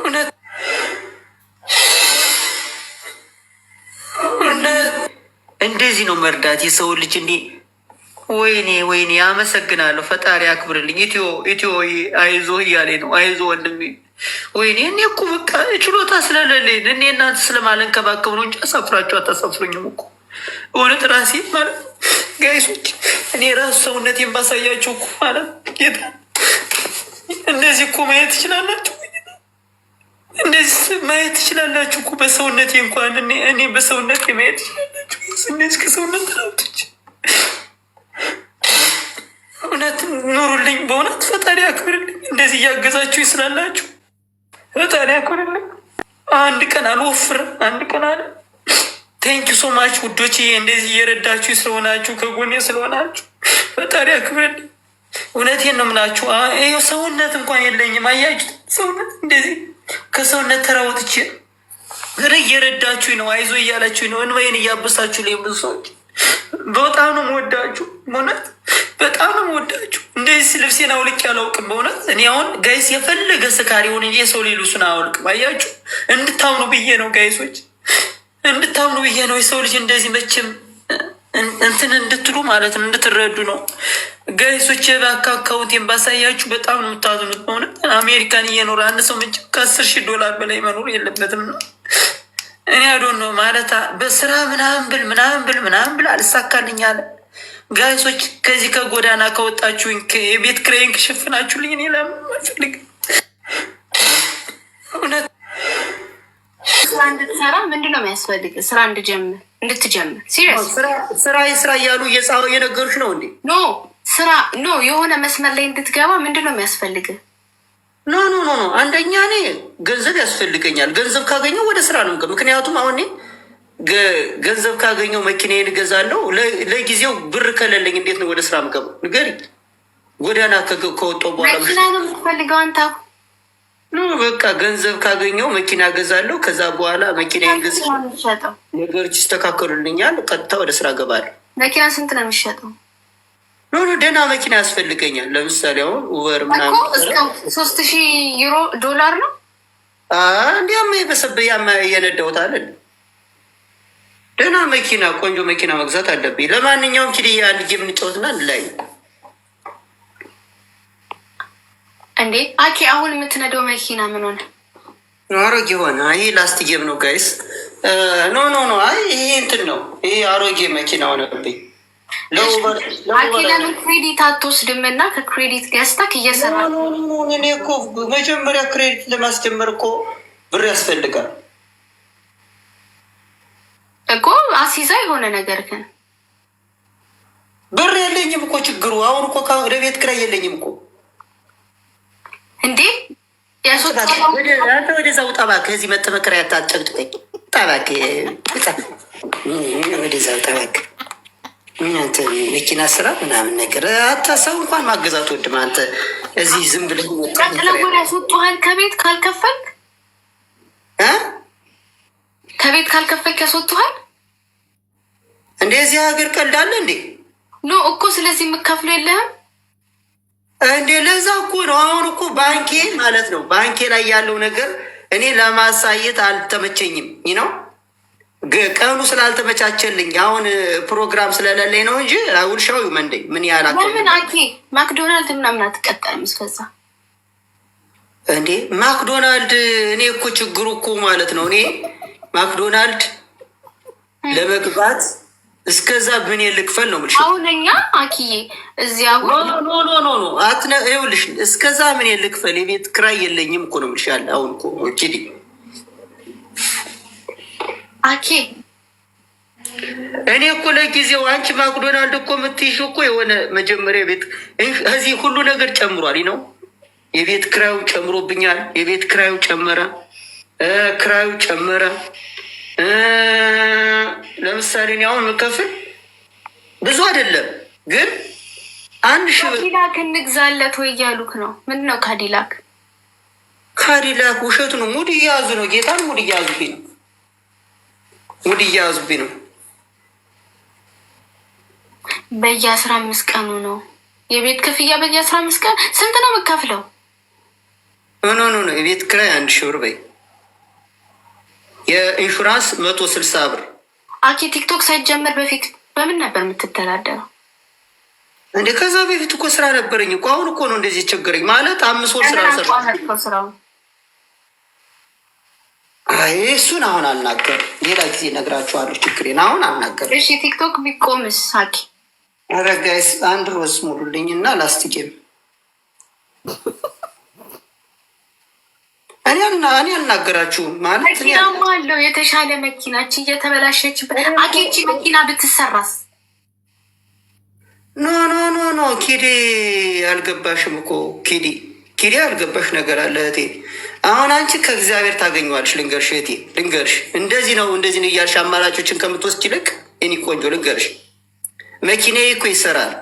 እውነት እንደዚህ ነው መርዳት የሰው ልጅ እንዲ ወይኔ ወይኔ፣ አመሰግናለሁ ፈጣሪ አክብርልኝ። ኢትዮ ኢትዮ አይዞ እያሌ ነው አይዞ ወንድሜ። ወይኔ እኔ እኮ በቃ ችሎታ ስለሌለኝ እኔ እናንተ ስለማልንከባከብ ነው እንጂ አሳፍራችሁ አታሳፍሩኝም እኮ እውነት ራሴ ማለት ጋይሶች፣ እኔ ራሱ ሰውነቴን ባሳያችሁ እኮ ማለት ጌታ እንደዚህ እኮ ማየት ትችላላችሁ። እንደዚህ ማየት ትችላላችሁ እኮ በሰውነቴ እንኳን እኔ እኔ በሰውነቴ ማየት ትችላላችሁ። እንደዚህ ከሰውነት ላውጥች እውነት ኑሩልኝ። በእውነት ፈጣሪ አክብርልኝ። እንደዚህ እያገዛችሁ ይስላላችሁ። ፈጣሪ አክብርልኝ። አንድ ቀን አልወፍርም። አንድ ቀን አለ። ቴንኪ ሶ ማች ውዶች፣ እንደዚህ እየረዳችሁ ስለሆናችሁ ከጎኔ ስለሆናችሁ ፈጣሪ አክብርልኝ። እውነቴን ነው የምላችሁ። ሰውነት እንኳን የለኝም። አያችሁ ሰውነት እንደዚህ ከሰውነት ተራወጥቼ እረ እየረዳችሁ ነው፣ አይዞ እያላችሁ ነው፣ እንባዬን እያበሳችሁ ላይ ብዙ ሰዎች በጣም ነው ወዳችሁ፣ በእውነት በጣም ነው ወዳችሁ። እንደዚህ ልብሴን አውልቅ ያላውቅም በእውነት እኔ አሁን ጋይስ የፈለገ ስካሪ ሆን እንጂ የሰው ሌሉሱን አያወልቅም። አያችሁ እንድታምኑ ብዬ ነው ጋይሶች፣ እንድታምኑ ብዬ ነው። የሰው ልጅ እንደዚህ መቼም እንትን እንድትሉ ማለት ነው እንድትረዱ ነው። ገይሶች የባንክ አካውንቴን ባሳያችሁ በጣም ነው የምታዝኑት። በሆነ አሜሪካን እየኖረ አንድ ሰው ምጭ ከአስር ሺህ ዶላር በላይ መኖር የለበትም ነው እኔ አዶን ነው ማለት በስራ ምናምን ብል ምናምን ብል ምናምን ብል አልሳካልኝ አለ። ጋይሶች ከዚህ ከጎዳና ከወጣችሁኝ የቤት ክራይን ከሸፍናችሁልኝ እኔ ለምን አልፈልግም እውነት ስራ እንድትሰራ ምንድን ነው የሚያስፈልግ? ስራ እንድጀምር እንድትጀምር ሲሪየስ ስራ የስራ እያሉ እየጻሩ እየነገሩች ነው እንዴ? ኖ ስራ ኖ የሆነ መስመር ላይ እንድትገባ ምንድን ነው የሚያስፈልግ? ኖ ኖ ኖ ኖ አንደኛ እኔ ገንዘብ ያስፈልገኛል። ገንዘብ ካገኘው ወደ ስራ ነው። ምክንያቱም አሁን ገንዘብ ካገኘው መኪናዬን እገዛለሁ። ለጊዜው ብር ከሌለኝ እንዴት ነው ወደ ስራ ምገባ? ንገሪ። ጎዳና ከወጣሁ በኋላ መኪና ነው የምትፈልገው አንተ በቃ ገንዘብ ካገኘው መኪና ገዛለሁ። ከዛ በኋላ መኪና ገዝ ነገሮች ይስተካከሉልኛል። ቀጥታ ወደ ስራ ገባለሁ። መኪና ስንት ነው የሚሸጠው? ኖ ደህና መኪና ያስፈልገኛል። ለምሳሌ አሁን ወር ምናምን ሶስት ሺህ ዩሮ ዶላር ነው እንዲያም የበሰበ የነዳውታል። ደህና መኪና ቆንጆ መኪና መግዛት አለብኝ። ለማንኛውም ኪድያ ልጅ የምንጫወትና እንለያዩ እንዴ አኬ፣ አሁን የምትነደው መኪና ምን ሆነ? አሮጌ ሆነ። ይሄ ላስትጌም ነው ጋይስ። ኖ ኖ ኖ፣ አይ ይሄ እንትን ነው። ይሄ አሮጌ መኪና ሆነብኝ። ለምን ክሬዲት አትወስድም? እና ከክሬዲት ገዝተህ እየሰራ እኔ እኮ መጀመሪያ ክሬዲት ለማስጀመር እኮ ብር ያስፈልጋል እኮ አሲዛ የሆነ ነገር ግን ብር የለኝም እኮ ችግሩ። አሁን እኮ ለቤት ክራይ የለኝም እኮ እንዴ ያሶወደ ውጣ ጠባ ከዚህ መጠመከሪያ አታጨብጭበኝ። ውጣ እባክህ፣ ጠባክ ውጣ መኪና ስራ ምናምን ነገር አታሰብ። እንኳን ማገዛት ወድም አንተ እዚህ ዝም ብለህ ያስወጡሃል ከቤት ካልከፈልክ፣ ከቤት ካልከፈልክ ያስወጡሃል። እንደ እዚህ ሀገር ቀልዳለ እንዴ? ኖ እኮ ስለዚህ የምከፍለው የለህም እንዴ ለዛ እኮ ነው። አሁን እኮ ባንኬ ማለት ነው ባንኬ ላይ ያለው ነገር እኔ ለማሳየት አልተመቸኝም ነው ቀኑ ስላልተመቻቸልኝ አሁን ፕሮግራም ስለሌለኝ ነው እንጂ ውልሻው መንደኝ ምን ያህል ማክዶናልድ ምናምን አትቀጣይም እስከዛ እንዴ ማክዶናልድ እኔ እኮ ችግሩ እኮ ማለት ነው እኔ ማክዶናልድ ለመግባት እስከዛ ምን ልክፈል ነው የምልሽ። አሁን እኛ አኪዬ እዚያ ይኸውልሽ እስከዛ ምን ልክፈል የቤት ክራይ የለኝም እኮ ነው የምልሽ። ያለ አሁን እኮ ኪዲ አኬ እኔ እኮ ለጊዜው አንቺ ማክዶናልድ እኮ የምትይሽ እኮ የሆነ መጀመሪያ ቤት እዚህ ሁሉ ነገር ጨምሯል ነው የቤት ክራዩ ጨምሮብኛል። የቤት ክራዩ ጨመረ፣ ክራዩ ጨመረ ለምሳሌ እኔ አሁን የምከፍል ብዙ አይደለም ግን አንድ ሺህ ካዲላክ እንግዛለት ወይ እያሉክ ነው። ምንድን ነው ካዲላክ? ካዲላክ ውሸት ነው። ሙድ እያያዙ ነው። ጌታን ሙድ እያያዙብኝ ነው። ሙድ እያያዙብኝ ነው። በየአስራ አምስት ቀኑ ነው የቤት ክፍያ። በየአስራ አምስት ቀን ስንት ነው የምከፍለው? ኖ ኖ ኖ የቤት ክራይ አንድ ሺህ ብር በይ የኢንሹራንስ መቶ ስልሳ ብር አኪ ቲክቶክ ሳይጀመር በፊት በምን ነበር የምትተዳደረው? እንደ ከዛ በፊት እኮ ስራ ነበረኝ እኮ አሁን እኮ ነው እንደዚህ ቸገረኝ። ማለት አምስት ወር ስራ ሰራ። አይ እሱን አሁን አልናገር፣ ሌላ ጊዜ እነግራችኋለሁ ችግሬን። አሁን አልናገር። እሺ ቲክቶክ ቢቆምስ? አኪ ኧረ አንድ ሮስ ሙሉልኝ እና ላስቲጌም እኔ አልናገራችሁም ማለት ደግሞ አለው የተሻለ መኪናች እየተበላሸች አኬቺ መኪና ብትሰራስ? ኖ ኖ ኖ ኖ ኪዴ አልገባሽም እኮ ኪዴ ኪዴ አልገባሽ ነገር አለ እህቴ። አሁን አንቺ ከእግዚአብሔር ታገኘዋለሽ። ልንገርሽ እህቴ ልንገርሽ፣ እንደዚህ ነው እንደዚህ ነው እያልሽ አማራጮችን ከምትወስድ ይልቅ እኔ ቆንጆ ልንገርሽ፣ መኪናዬ እኮ ይሰራል፣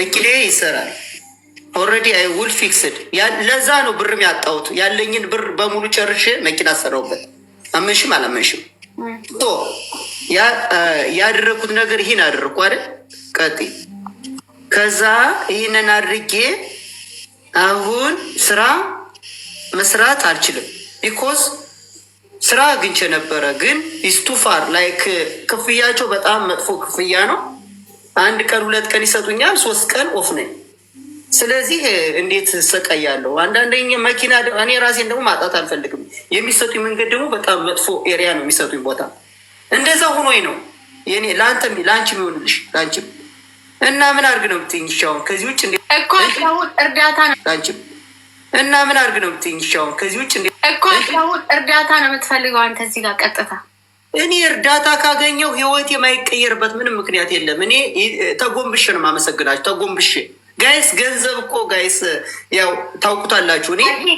መኪናዬ ይሰራል ኦልሬዲ አይ ውል ፊክስድ። ለዛ ነው ብርም ያጣሁት። ያለኝን ብር በሙሉ ጨርሼ መኪና ሰራውበት አመንሽም አላመንሽም ያደረኩት ነገር ይህን አደረግኩ አይደል? ቀጥ ከዛ ይህንን አድርጌ አሁን ስራ መስራት አልችልም። ቢኮዝ ስራ አግኝቼ ነበረ፣ ግን ኢስቱፋር ላይክ ክፍያቸው በጣም መጥፎ ክፍያ ነው። አንድ ቀን ሁለት ቀን ይሰጡኛል፣ ሶስት ቀን ኦፍ ነኝ። ስለዚህ እንዴት ሰቃያለሁ? አንዳንደኝ መኪና እኔ ራሴን ደግሞ ማጣት አልፈልግም። የሚሰጡኝ መንገድ ደግሞ በጣም መጥፎ ኤሪያ ነው የሚሰጡኝ ቦታ። እንደዛ ሆኖኝ ነው የኔ ለአንተ ለአንቺ የሚሆንልሽ ለአንቺ እና ምን አድርግ ነው የምትይኝ? ይሻውን ከዚህ ውጭ እርዳታ ነው እና ምን አድርግ ነው የምትይኝ? ይሻውን ከዚህ ውጭ እኮ እርዳታ ነው የምትፈልገው አንተ እዚህ ጋር ቀጥታ እኔ እርዳታ ካገኘው ህይወት የማይቀየርበት ምንም ምክንያት የለም። እኔ ተጎንብሽ ነው የማመሰግናቸው ተጎንብሽ ጋይስ ገንዘብ እኮ ጋይስ ያው ታውቁታላችሁ። እኔ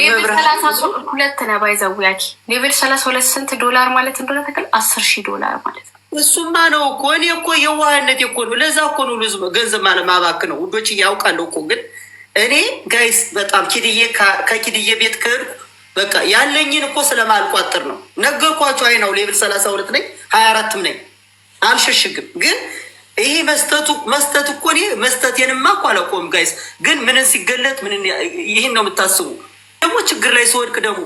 ሌቭል ሰላሳ ሁለት ነው ባይዘው ያኪ ሌቭል ሰላሳ ሁለት ስንት ዶላር ማለት እንደሆነ ተክል አስር ሺህ ዶላር ማለት ነው። እሱማ ነው እኮ እኔ እኮ የዋህነት እኮ ነው። ለዛ እኮ ነው ህዝብ ገንዘብ ማለት ማባክ ነው ውዶች፣ እያውቃለሁ እኮ ግን እኔ ጋይስ በጣም ኪድዬ ከኪድዬ ቤት ከሄድኩ በቃ ያለኝን እኮ ስለማልቋጥር ነው ነገርኳቸው። አይ ነው ሌቭል ሰላሳ ሁለት ነኝ ሀያ አራትም ነኝ አልሸሽግም ግን ይሄ መስጠቱ መስጠት እኮ እኔ መስጠቴንማ እኮ አላቆም ጋይስ፣ ግን ምንን ሲገለጥ ምን ይህን ነው የምታስቡ። ደግሞ ችግር ላይ ሲወድቅ ደግሞ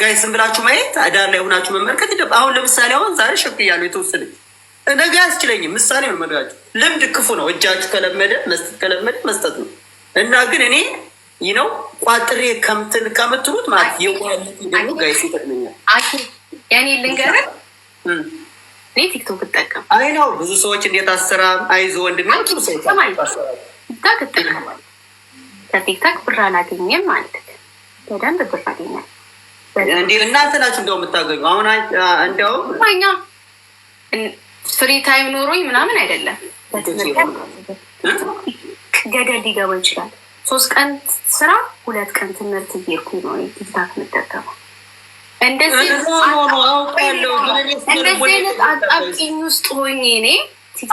ጋይስን ብላችሁ ማየት አዳር ላይ ሆናችሁ መመልከት። አሁን ለምሳሌ አሁን ዛሬ ሸክ እያለሁ የተወሰነ ነገ አያስችለኝም። ምሳሌ ነው መድጋችሁ። ልምድ ክፉ ነው። እጃችሁ ከለመደ መስጠት ከለመደ መስጠት ነው እና ግን እኔ ይህ ነው ቋጥሬ ከምትን ከምትሉት ማለት የዋለት ደግሞ ጋይስ ይጠቅመኛል። ያኔ ልንገርህ እኔ ቲክቶክ እጠቀም አይ ነው ብዙ ሰዎች እንዴት አሰራ ወንድሜ ከቲክታክ ብር አላገኘም ማለት በደንብ ብር አገኛል። እንዲ እናንተ ናችሁ እንደው የምታገኙ አሁን እንዲያውም እኛ ፍሪ ታይም ኖሮኝ ምናምን አይደለም ገደል ሊገባ ይችላል። ሶስት ቀን ስራ ሁለት ቀን ትምህርት እየሄድኩኝ ነው ቲክታክ የምጠቀመው እንደዚህ አይነት አጣብቂኝ ውስጥ ሆኜ እኔ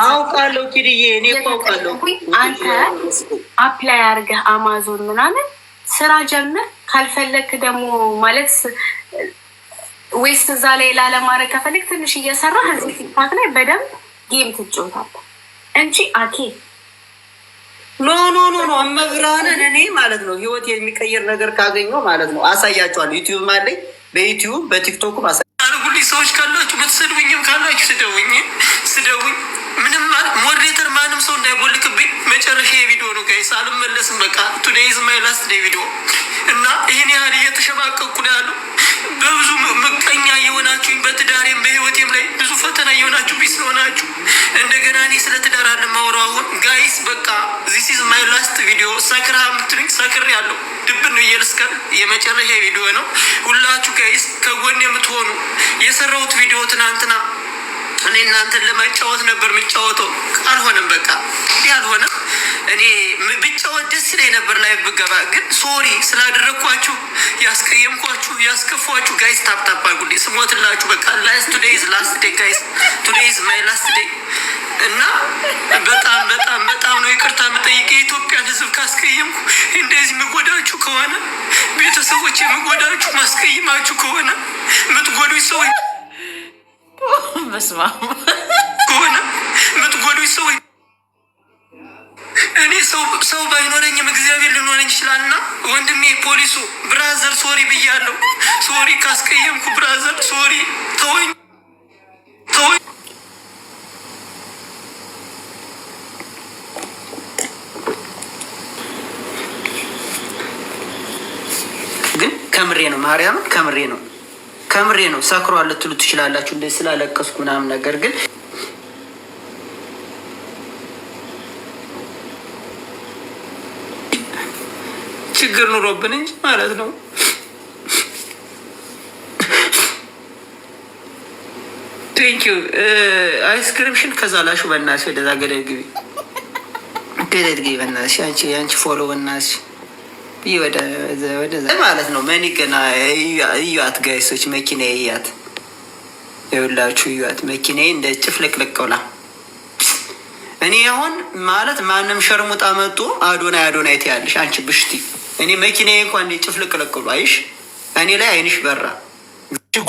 አውቃለሁ ኪድዬ እኔ አውቃለሁ። አንተ አፕላይ አድርገህ አማዞን ምናምን ስራ ጀምር፣ ካልፈለክ ደግሞ ማለት ዌስት እዛ ላይ ላለማድረግ ከፈለግ ትንሽ እየሰራ እዚህ ቲክታክ ላይ በደንብ ጌም ትጫወታለህ እንጂ አኬ ኖ ኖ ኖ ኖ እመብርሃንን እኔ ማለት ነው ህይወት የሚቀይር ነገር ካገኘሁ ማለት ነው አሳያቸዋለሁ ዩቲዩብ ማለኝ በዩቲዩብ በቲክቶክ ማሳ አርጉሊ ሰዎች ካላችሁ ብትሰድቡኝም ካላችሁ ስደውኝ ስደውኝ ምንም ሞዴሬተር ማንም ሰው እንዳይቦልክብኝ መጨረሻ የቪዲዮ ነው ጋይስ አልመለስም በቃ ቱዴይ ኢዝ ማይ ላስት ዴይ ቪዲዮ እና ይህን ያህል እየተሸማቀቁ ነው ያሉ በብዙ ምቀኛ የሆናችሁኝ በትዳሬም በህይወቴም ላይ ብዙ ፈተና የሆናችሁ ቢስ ሆናችሁ እንደገና እኔ ስለ ትዳር አለማወራው አሁን ጋይስ በቃ ዚስ ኢዝ ማይ ላስት ቪዲዮ ሰክራ ምትሉኝ ሰክር ያለው ድብን ነው የልስከር የመጨረሻ ቪዲዮ ነው። ሁላችሁ ጋይስ ከጎን የምትሆኑ የሰራሁት ቪዲዮ ትናንትና እኔ እናንተን ለማጫወት ነበር የምጫወተው አልሆነም። በቃ ያልሆነ እኔ ብቻ ደስ ይለኝ ነበር ላይ ብገባ፣ ግን ሶሪ ስላደረግኳችሁ ያስቀየምኳችሁ፣ ያስከፏችሁ ጋይስ ታፕታፕ አድርጉልኝ፣ ስሞትላችሁ። በቃ ላስ ቱዴይ ላስት ዴይ ጋይስ፣ ቱዴይ ማይ ላስት ዴይ እና በጣም በጣም በጣም ነው ይቅርታ የምጠይቅ የኢትዮጵያን ሕዝብ ካስቀየምኩ እንደዚህ የምጎዳችሁ ከሆነ ቤተሰቦች የምጎዳችሁ ማስቀይማችሁ ከሆነ የምትጎዱ ሰዎች ከሆነ የምትጎዱ ሰው እኔ ሰው ባይኖረኝም እግዚአብሔር ይችላል ና ወንድሜ ፖሊሱ ብራዘር ሶሪ ብያለሁ። ሶሪ ካስቀየምኩ ብራዘር ሶሪ ተወኝ ተወኝ። ግን ከምሬ ነው፣ ማርያምን ከምሬ ነው፣ ከምሬ ነው። ሰክሯል ልትሉ ትችላላችሁ፣ እንደ ስላለቀስኩ ምናምን ነገር ግን ችግር ኑሮብን እንጂ ማለት ነው። ቴንኪ አይስክሪምሽን ከዛ ላሹ በናሽ ወደዛ ገደል ግቢ፣ ገደል ግቢ በናሽ አንቺ አንቺ ፎሎ በእናትሽ ወደዛ ማለት ነው። መኒ ገና እዩአት ጋይሶች፣ መኪና እያት የሁላችሁ እዩአት። መኪና እንደ ጭፍልቅልቅ ብላ እኔ አሁን ማለት ማንም ሸርሙጣ መጡ አዶናይ አዶናይ ትያለሽ አንቺ ብሽቲ እኔ መኪና እንኳን ጭፍልቅ ለቅሉ አይሽ እኔ ላይ አይንሽ በራ።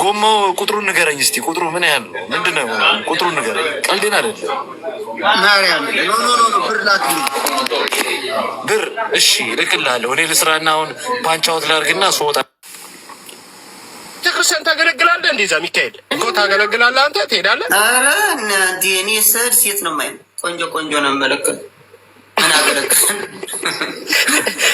ጎማ ቁጥሩን ንገረኝ እስቲ፣ ቁጥሩ ምን ያህል ነው? ምንድን ነው ቁጥሩን ንገረኝ። ቀልዴን አይደለም። ብር እሺ፣ እልክልሃለሁ። እኔ ልስራና አሁን ፓንቻውት ላድርግና ስወጣ ቤተክርስቲያን ታገለግላለህ። እንደዛ ሚካኤል እኮ ታገለግላለህ። አንተ ትሄዳለህ። ኧረ እናቴ እኔ ስዕል ሴት ነው የማይሆን ቆንጆ ቆንጆ ነው የምመለከት ምን አገለግል